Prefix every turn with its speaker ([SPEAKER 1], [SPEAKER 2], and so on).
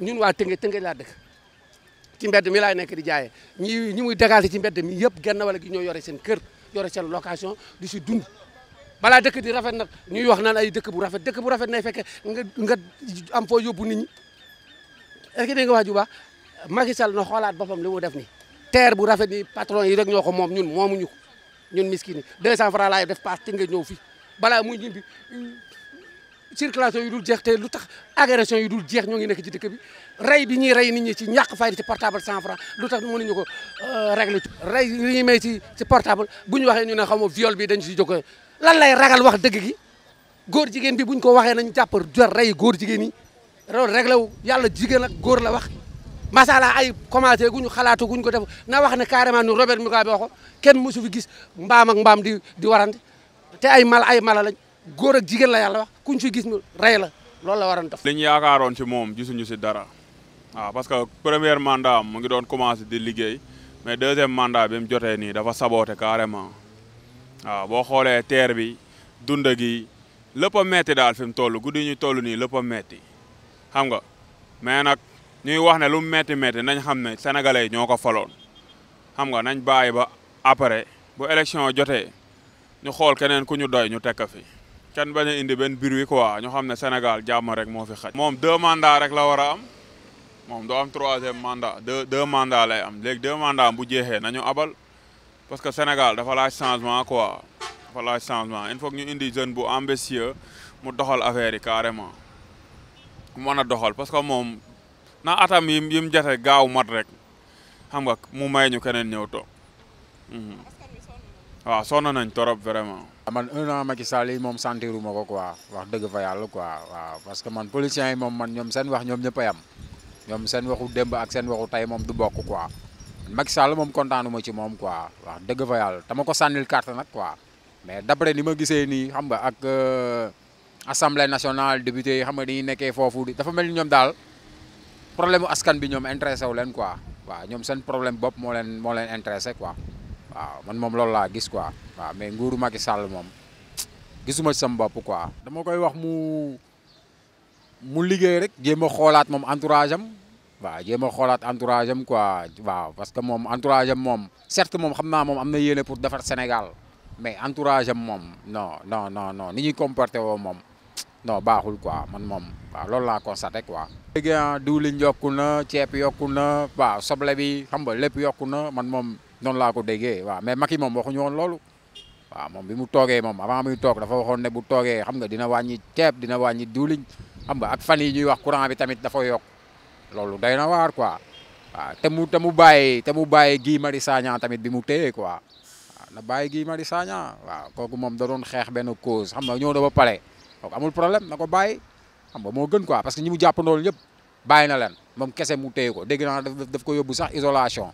[SPEAKER 1] ñun waa Tëngéej Tëngéej laa dëkk ci mbedd mi laa nekk di jaayee ñi ñi muy dégager ci mbedd mi yëpp genn wala gi ñoo yore seen kër yore seen location di si dund balaa dëkk di rafet nag ñuy wax na ay dëkk bu rafet dëkk bu rafet nay fekke nga nga am foo yóbbu nit ñi est-ce que dégg nga wax ju baax Macky Sall na xoolaat boppam li mu def ni teer bu rafet ni patron yi rek ñoo ko moom ñun moomuñu ko ñun miskini 200 francs laay def paas Tëngéej ñëw fii balaa muy ñibbi circulation yu dul jeex te lu tax agression yu dul jeex ñoo ngi nekk ci dëkk bi rey bi ñuy rey ni ñi ci ñàkk fayda ci portable 100 francs lu tax ñu ko euh, régler ci rey li ñuy may ci ci portable bu ñu waxee ñu ne xaw ma viol bi dañ si jógee lan lay ragal wax dëkk gi góor jigéen bi buñ ko waxee nañ jàpp jor rey góor jigéen yi loolu réglé wu yàlla jigéen ak góor la wax masala ay commencé guñu xalaatu guñ ko def na wax ne carrément nu Robert Mugabe waxo kenn mosu fi gis mbaam ak mbaam di di warante te ay mal ay mala lañ góor ak jigéen la yàlla wax kuñ fi gis ñu rey la loolu la waroon
[SPEAKER 2] def. li ñu yaakaaroon ci moom gisuñu si dara waaw parce que premier mandat mu ngi doon commencé di liggéey mais deuxième mandat bi mu jotee nii dafa saboté carrément waaw boo xoolee terre bi dund gi lépp a metti daal fi mu toll guddi ñu toll nii lépp a metti xam nga mais nag ñuy wax ne lu mu metti metti nañ xam ne sénégalais yi ñoo ko faloon xam nga nañ bàyyi ba après bu élection jotee ñu xool keneen ku ñu doy ñu tekk fi. kenn bañ indi benn bir wi quoi ñu xam ne Sénégal jàmm rek moo fi xaj. moom deux mandats rek la war a am moom doo am troisième mandat deux deux mandats lay am léegi deux mandats bu jeexee nañu abal parce que Sénégal dafa laaj changement quoi dafa laaj changement il faut ñu indi jeune bu ambitieux mu doxal affaire yi carrément mu mën a doxal parce que moom na atam yim yim jate gaaw mat rek xam nga mu may ñu keneen ñëw toog mhm. waaw sonn nañ torop vraiment.
[SPEAKER 3] man un an Macky Sall yi ya moom sentiru ma ko quoi wax dëgg fa yàlla quoi waaw parce que man politiciens yi moom man ñoom seen wax ñoom ñëpp a yam ñoom seen waxu démb ak seen waxu tey moom du bokk quoi Macky Sall moom kontaanu ma ci moom quoi wax dëgg fa yàlla tama ko sànnil carte nag quoi mais d'après ni ma gisee nii xam nga ak euh, assemblée nationale député yi xam nga dañuy nekkee foofu dafa mel ni ñoom daal problème askan bi ñoom intéressé wu leen quoi waaw ñoom seen problème bopp moo leen moo leen intéressé quoi. waaw man moom loolu laa gis quoi waaw mais nguuru Macky Sall moom gisuma ci sama bopp quoi. dama koy wax mu mu liggéey rek jéem a xoolaat moom entourage am waaw jéem a xoolaat entourage am quoi waaw parce que moom entourage am moom certes moom xam naa moom am na yéene pour defar Sénégal mais entourage am moom non non non non ni ñuy comporté woo moom non baaxul quoi man moom waaw loolu laa constaté quoi. diwlin yokku na ceeb waaw soble bi xam nga lépp man moom. noonu laa ko déggee waaw mais Macky moom waxuñu woon loolu waaw moom bi mu toogee moom avant muy toog dafa waxoon ne bu toogee xam nga dina wàññi dina wàññi diwliñ xam nga ak fan yi ñuy wax courant bi tamit dafa yokk loolu day na waar quoi waaw te mu te mu bàyyi te mu bàyyi Guy Marius Sagna tamit bi mu téye quoi na bàyyi Guy mari saaña waaw kooku moom da doon xeex benn cause xam nga ñëw na ba pare kooku amul problème na ko bàyyi xam nga moo gën ko parce que ñi mu jàppandool ñëpp bàyyi na leen mom kese mu téye ko dégg naa daf ko yóbbu sax isolation